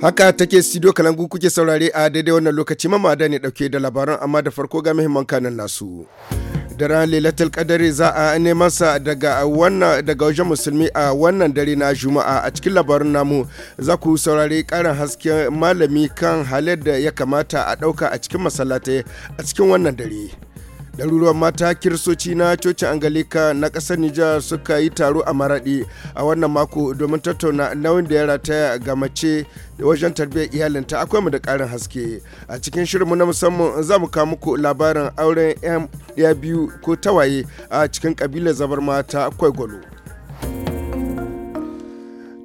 Haka take studio kalangu kuke saurare a daidai wannan lokaci mamada ne dauke da labaran amma da farko ga muhimman kanan nasu. ran lailatul kadari za a neman sa daga wajen musulmi a wannan dare na juma'a a cikin labarin namu za ku saurari karin hasken malami kan halar da ya kamata a dauka a cikin masallatai a cikin wannan dare. Ɗaruruwan mata kirsoci na coci Angalika na ƙasar Nijar suka yi taro a maraɗi a wannan mako domin tattauna nauyin da ya rataya ga mace da wajen tarbiyyar iyalinta akwai mu da ƙarin haske. A cikin shirinmu na musamman za mu kawo muku labarin auren 'yan biyu ko tawaye a cikin ƙabilar zabar mata akwai gwalo.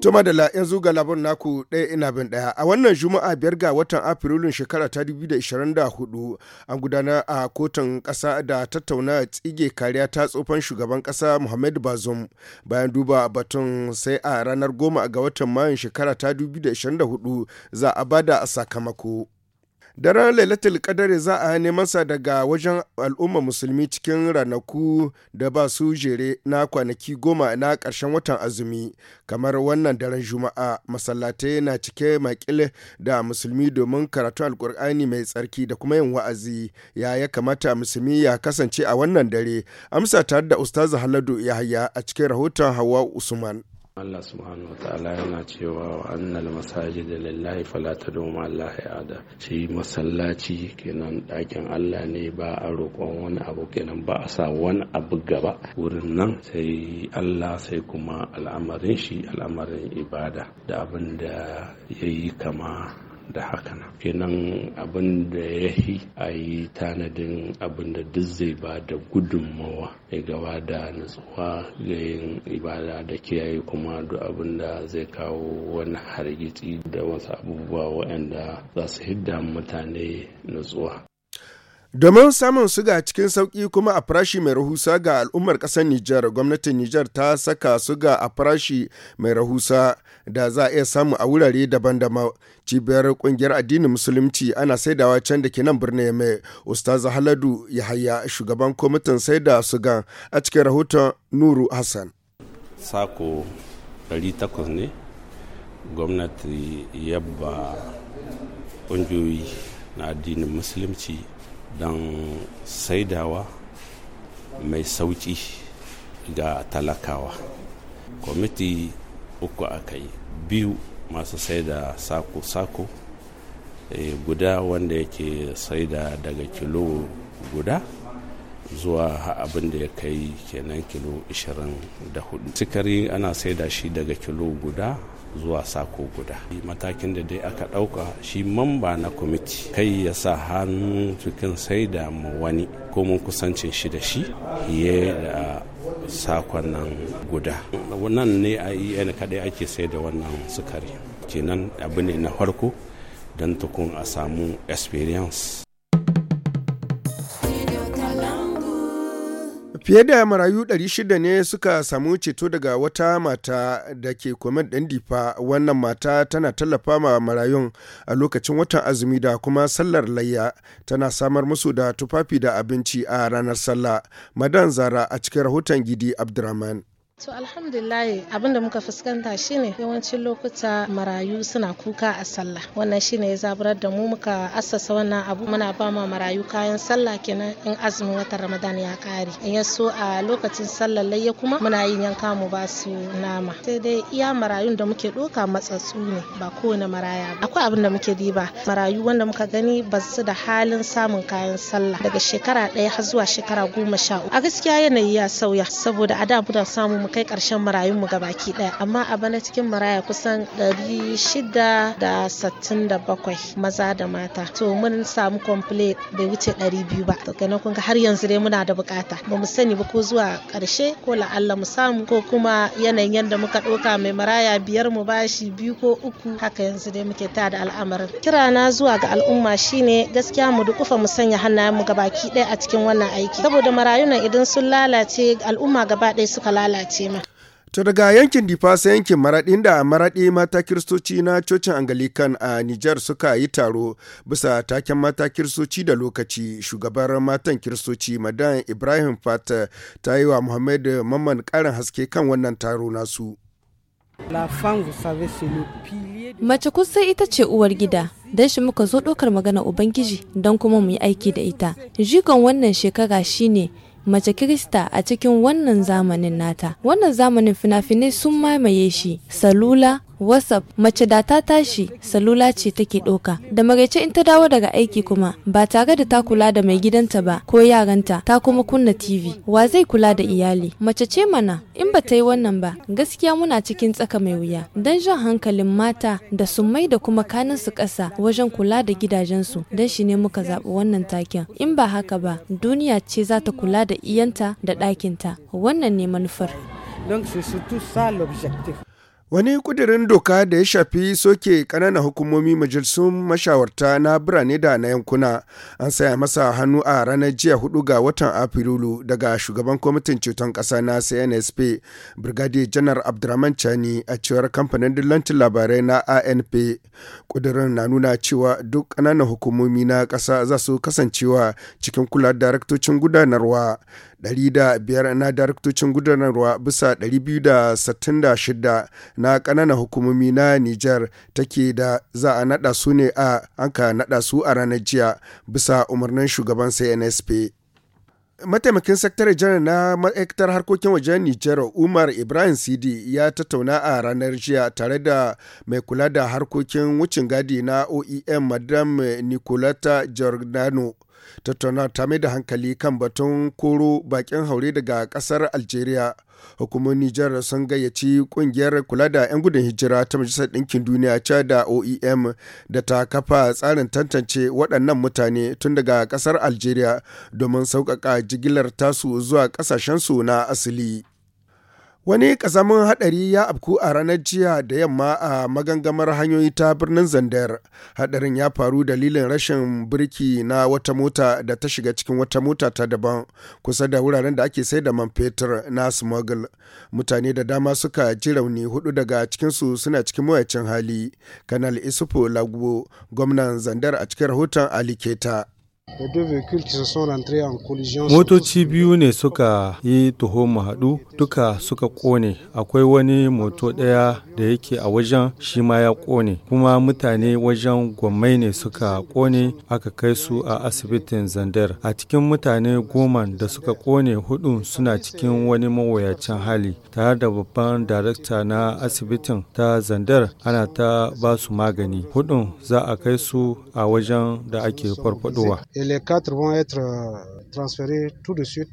Tuma da la yanzu ga labon naku ɗaya ina bin ɗaya a wannan juma'a biyar ga watan afrilun shekara ta 2024 an gudanar a kotun ƙasa da tattauna tsige kariya ta tsofan shugaban ƙasa Muhammadu bazum bayan duba batun sai a ranar goma ga watan mayun shekara ta 2024 za a bada sakamako. Daren Lailatul kadari za a hane masa daga wajen al'umma musulmi cikin ranaku da ba su jere na kwanaki goma na ƙarshen watan azumi. Kamar wannan daren Juma'a, masallatai na cike makil da musulmi domin karatu alkur'ani mai tsarki da kuma yin wa'azi. Ya ya kamata musulmi ya kasance a wannan dare. Amsa tare da Ustaz Haladu Yahaya a cikin rahoton Hawa Usman. Allah subhanahu wa ta'ala yana cewa wa annal masajid lillahi fala tadum ma Allah ada shi masallaci kenan dakin Allah ne ba a roƙon wani abu kenan ba a sa wani abu gaba wurin nan sai Allah sai kuma al'amarin shi al'amarin ibada da abin da yayi kama da hakan kenan abin da ya yi a yi tanadin abin da duk zai ba da gudunmawa ya gaba da nutsuwa ga yin ibada da kiyaye kuma duk abin da zai kawo wani hargitsi da wasu abubuwa waɗanda za su hidda mutane nutsuwa Domin samun suga cikin sauƙi kuma a farashi mai rahusa ga al'ummar ƙasar Nijar, gwamnatin Nijar ta saka suga a farashi mai rahusa da za a iya samu a wurare daban-daban. Cibiyar ƙungiyar addinin Musulunci ana saidawa can da ke nan birnin mai Ustaz Haladu Yahaya shugaban kwamitin saida suga a cikin rahoton Nuru Hassan. Sako 800 ne gwamnati yabba ƙungiyoyi na addinin Musulunci Dan saidawa mai sauƙi ga talakawa kwamiti uku aka yi biyu masu saida sako-sako e, guda wanda yake saida daga kilo guda zuwa abin da ya kai kenan kilo 24 sikari ana saida shi daga kilo guda zuwa sako guda matakin da dai aka ɗauka shi mamba na kwamiti kai ya sa hannu cikin sai da mu wani ko mun kusancin shi da shi ya da sakon nan guda nan ne a en kadai ake sai da wannan sukari kenan abu ne na farko don tukun a samu experience Fiye da marayu 600 ne suka samu ceto daga wata mata da ke kwamen ɗin difa wannan mata tana tallafa ma marayun a lokacin watan azumi da kuma sallar layya tana samar musu da tufafi da abinci a ranar sallah madan zara a cikin rahoton gidi abdurrahman. To alhamdulillahi abinda muka fuskanta shine yawancin lokuta marayu suna kuka a sallah wannan shine ya zaburar da mu muka assasa wannan abu muna ba ma marayu kayan sallah kenan in azumin watan Ramadan ya kare in ya a lokacin sallar laye kuma muna yin yanka mu ba su nama sai dai iya marayun da muke doka matsatsu ne ba kowane maraya ba akwai abin da muke diba marayu wanda muka gani ba su da halin samun kayan sallah daga shekara ɗaya har zuwa shekara goma sha uku a gaskiya yanayi ya sauya saboda a da muna mu kai ƙarshen marayun mu gabaki ɗaya amma a bana cikin maraya kusan 667 maza da mata to mun samu complete bai wuce 200 ba To kana kun ga har yanzu dai muna da bukata ba mu sani ba ko zuwa karshe ko la'alla mu samu ko kuma yanayin yadda muka ɗauka mai maraya biyar mu bashi biyu ko uku haka yanzu dai muke ta da al'amarin Kira na zuwa ga al'umma shine gaskiya mu dukufa mu sanya hannayen mu gabaki ɗaya a cikin wannan aiki saboda marayunan idan sun lalace al'umma gaba ɗaya suka lalace ce ma. To daga yankin Difasa yankin maraɗin da maraɗi mata kiristoci na cocin Angalikan a Nijar suka yi taro bisa taken mata kiristoci da lokaci shugabar matan kiristoci madan Ibrahim Fata ta yi wa Muhammad Mamman ƙarin haske kan wannan taro nasu. Mace kusan ita ce uwar gida, don shi muka zo ɗaukar magana Ubangiji don kuma mu yi aiki da ita. Jigon wannan shekara shine mace Kirista a cikin wannan zamanin nata. Wannan zamanin fina-finai sun mamaye shi, salula, whatsapp mace da ta tashi salula ce take ɗauka da maraice in ta dawo daga aiki kuma ba tare da ta kula da mai gidanta ba ko yaranta ta kuma kunna tv wa zai kula da iyali mace ce mana in ba ta yi wannan ba gaskiya muna cikin tsaka mai wuya don jan hankalin mata da su mai da kuma kanin su ƙasa wajen kula da gidajensu don shi ne muka zaɓi wannan taken in ba haka ba duniya ce za ta kula da iyanta da ɗakinta wannan ne manufar Donc c'est surtout ça l'objectif. Wani kudirin doka da ya shafi soke ƙananan hukumomi majalisun mashawarta na birane da na yankuna an saya masa hannu a ranar jiya hudu ga watan Afrilu daga shugaban kwamitin ceton ƙasa na CNSP Brigadier Janar Abdurrahman Chani a cewar kamfanin dillancin labarai na ANP. Kudirin na nuna cewa duk ƙananan hukumomi na ƙasa za su kasancewa cikin kula daraktocin gudanarwa. biyar na daraktocin gudanarwa bisa shida. na ƙananan hukumomi na Nijar take da za a naɗa su ne a an ka naɗa su a ranar jiya bisa umarnin shugaban CNSP. mataimakin sakatare janar na ma'aikatar harkokin wajen nijar umar ibrahim sidi ya tattauna a ranar jiya tare da mai kula da harkokin wucin gadi na oem madam nicolata giordano tattauna ta mai da hankali kan batun koro bakin haure daga kasar algeria hukumar nijar sun gayyaci kungiyar kula da 'yan gudun hijira ta majalisar ɗinkin duniya ca da oem da ta kafa tsarin tantance waɗannan mutane tun daga kasar algeria domin sauƙaƙa jigilar tasu zuwa ƙasashensu na asali Wani kasamin haɗari ya afku a ranar jiya da yamma a magangamar hanyoyi ta birnin Zandar. Haɗarin ya faru dalilin rashin birki na wata mota da ta shiga cikin wata mota ta daban kusa da wuraren da ake sai da man fetur na smuggle. Mutane da dama suka ji rauni hudu daga cikinsu suna cikin mawacin hali. Kanal Isufu Lagbo, gwamnan Zandar a cikin rahoton Ali Keta. Motoci biyu ne suka yi tuho haɗu duka suka kone akwai wani moto ɗaya da yake a wajen shi ma ya kone kuma mutane wajen gwammai ne suka ƙone aka kai su a asibitin zandar a cikin mutane goma da suka kone hudu suna cikin wani mawuyacin hali tare da babban darakta na asibitin ta zandar ana ta ba su magani hudun za a kai su a wajen da ake farfadowa transféré de suite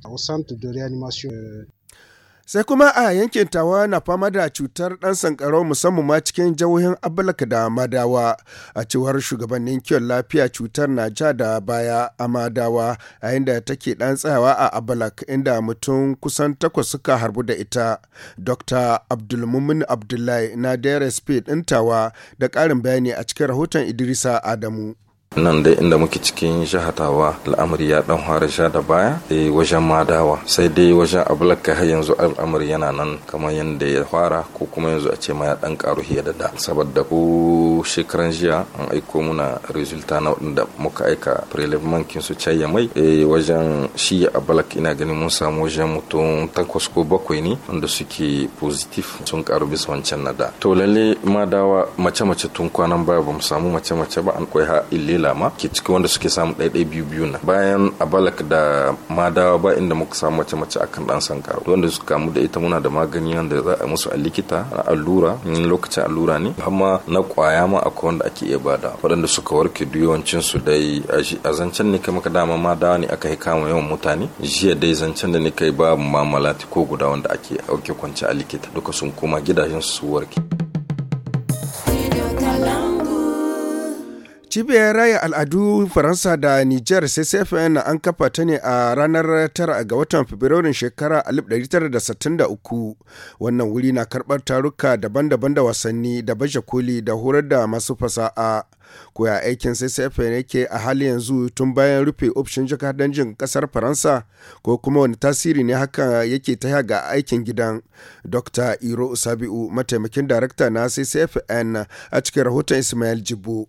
Sai kuma a yankin tawa na fama da cutar ɗan sankarau musamman ma cikin jihohin Abalaka da Madawa. A cewar shugabannin kiwon lafiya cutar na ja da baya a Madawa a inda take ɗan tsayawa a Abalak inda mutum kusan takwas suka harbu da ita. Dr. Abdulmumin Abdullahi na speed ɗin tawa da ƙarin bayani a cikin rahoton Idrisa Adamu. nan dai inda muke cikin shahatawa al'amari ya dan fara sha da baya e wajen madawa sai dai wajen abulaka har yanzu al'amari yana nan kamar yadda ya fara ko kuma yanzu a ce ma ya dan karu hiya da da saboda ko shekaran jiya an aiko muna resulta na da muka aika preliminary kin su caya mai eh wajen shi abulaka ina ganin mun samu wajen mutum takwas ko bakwai ne wanda suke positive sun karu bisa wancan na da to lalle madawa mace mace tun kwanan baya ba mu samu mace mace ba an koyi ha tela ma ke ciki wanda suke samu ɗaiɗai biyu biyu na bayan abalak da madawa ba inda muka samu mace mace akan ɗan sankara wanda suka kamu da ita muna da magani wanda za a musu a likita a allura in lokacin allura ne amma na kwaya ma akwai wanda ake iya bada waɗanda suka warke duk yawancin su dai a zancen ne kama ka dama madawa ne aka yi kama yawan mutane jiya dai zancen da ne kai ba mamalati ko guda wanda ake auke kwance a likita duka sun koma gidajen su warke. Cibiyar raya al'adu Faransa da Nijar CCFN an kafa ta ne a ranar 9 ga watan Fabrairun shekara 1963. Wannan wuri na karɓar taruka daban-daban da wasanni da baje koli da horar da masu fasa'a. Koya aikin CCFN yake a hali yanzu tun bayan rufe ofishin jakadancin ƙasar Faransa ko kuma wani tasiri ne haka yake ta ga aikin gidan. Dr. Iro Sabiu mataimakin darakta na CCFN a cikin rahoton Ismail Jibo.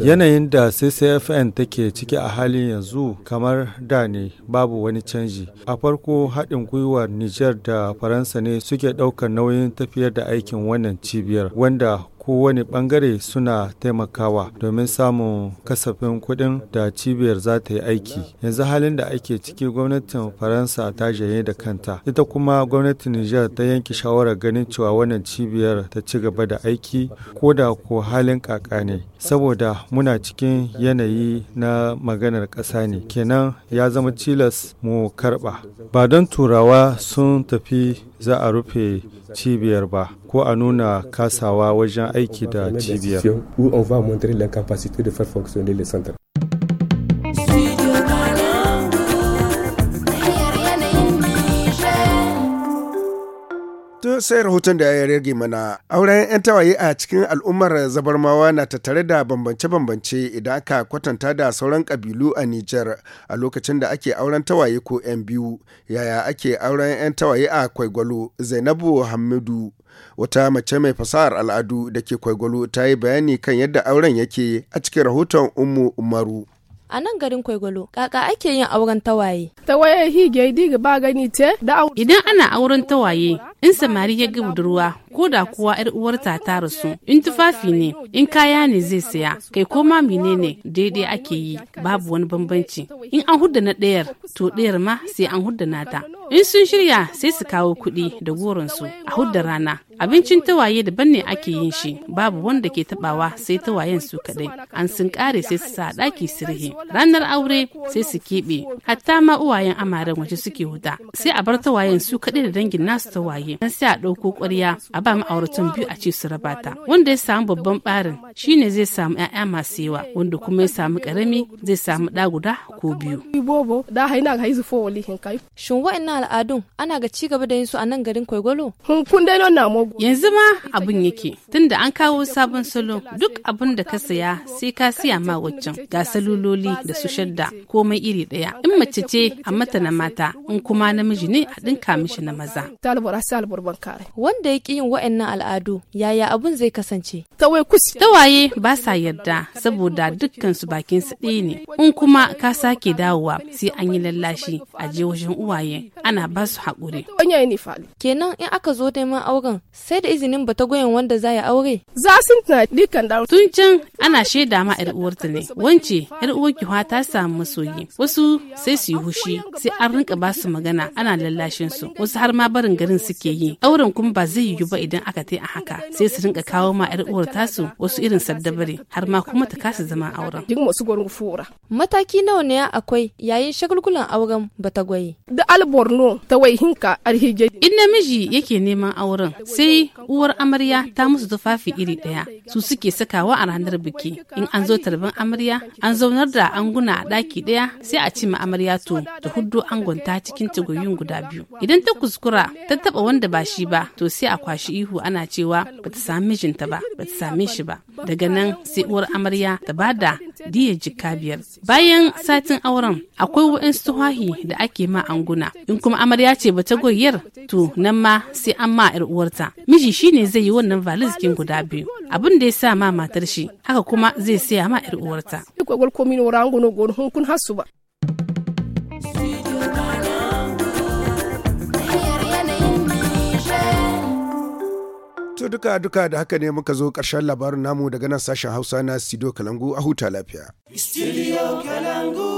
Yanayin da CCFN take ciki a halin yanzu kamar da ne babu wani canji. A farko haɗin gwiwar niger da Faransa ne suke ɗaukar nauyin tafiyar da aikin wannan cibiyar, wanda kowane bangare suna taimakawa domin samun kasafin kuɗin da cibiyar za ta yi aiki yanzu halin da ake ciki gwamnatin faransa ta janye da kanta ita kuma gwamnatin Nijar ta yanke shawarar ganin cewa wannan cibiyar ta ci gaba da aiki ko da ko halin kaka ne saboda muna cikin yanayi na maganar ƙasa ne kenan ya zama cilas mu karɓa ba don turawa sun tafi za a rufe cibiyar ba ko a nuna kasawa wajen aiki da cibiya. To sai rahoton da ya rage mana auren 'yan tawaye a cikin al'ummar zabarmawa na tattare da bambance-bambance idan aka kwatanta da sauran kabilu a Nijar a lokacin da ake auren tawaye ko 'yan biyu yaya ake auren 'yan tawaye a Kwaigwalo Zainabu Hamidu wata mace mai fasahar al'adu da ke Kwaigwalo ta yi bayani kan yadda auren yake a cikin rahoton Ummu Umaru. a nan garin kwaigwalo kaka ake yin auren tawaye. Tawaye hige diga ba gani ce Idan ana auren tawaye in samari ya ga budurwa ko da kuwa yar uwarta ta rasu in tufafi ne in kaya ne zai saya kai ko ma menene daidai ake yi babu wani bambanci in an hudda na ɗayar to ɗayar ma sai an hudda nata in sun shirya sai su kawo kuɗi da goronsu a hudda rana abincin tawaye daban ne ake yin shi babu wanda ke tabawa sai tawayen su kaɗai an sun kare sai su sa ɗaki sirhi ranar aure sai su keɓe hatta ma uwayen amaren waje suke huta sai a bar tawayen su kaɗai da dangin nasu tawaye tarihi nan sai a ɗauko ƙwarya a ba ma'auratan biyu a ce su raba ta wanda ya samu babban ɓarin shine zai samu 'ya'ya masu yawa wanda kuma ya samu ƙarami zai samu ɗa guda ko biyu. Shin wa'annan al'adun ana ga ci gaba da yin su a nan garin Kwaigolo? Yanzu ma abin yake tunda an kawo sabon salo duk abin da ka saya sai ka siya ma waccan ga saluloli da su shadda komai iri ɗaya in mace ce a mata na mata in kuma namiji ne a ɗinka mishi na maza. wanda ya ki yin wa'annan al'adu yaya abun zai kasance tawai tawaye ba sa yarda saboda dukkan su bakin su ɗaya ne in kuma ka sake dawowa sai an yi lallashi a je wajen uwaye ana ba su haƙuri kenan in aka zo neman auren sai da izinin bata goyon wanda za ya aure za su dukan da tun can ana shaida ma yar ta ne wance yar uwar kiwa ta samu masoyi wasu sai su yi hushi sai an rinka ba su magana ana lallashin su wasu har ma barin garin suke ke yi auren kuma ba zai yiwu ba idan aka tai a haka sai su rinka kawo ma yar uwar tasu wasu irin saddabare har ma kuma ta kasa zama auren mataki nawa ne akwai yayin shagulgulan auren ta gwaye da alborno ta wai hinka arhige in namiji yake neman auren sai uwar amarya ta musu tufafi iri daya su suke sakawa a ranar biki in an zo tarban amarya an zaunar da anguna a daki daya sai a ci ma amarya to da huddo angonta cikin tagoyin guda biyu idan ta kuskura ta taba wani wanda ba shi ba to sai a kwashi ihu ana cewa bata sami mijinta ba bata same shi ba daga nan sai uwar amarya ta bada diya jika biyar bayan satin auren akwai wa'in tuhahi da ake ma anguna in kuma amarya ce bata goyar to nan ma sai an ma yar uwarta miji shine zai yi wannan valizkin guda biyu abin da ya sa ma matar shi haka kuma zai saya ma yar uwarta To duka duka da haka ne muka zo ƙarshen labarin namu daga nan sashen Hausa na Sido Kalangu a huta lafiya. Studio Kalangu.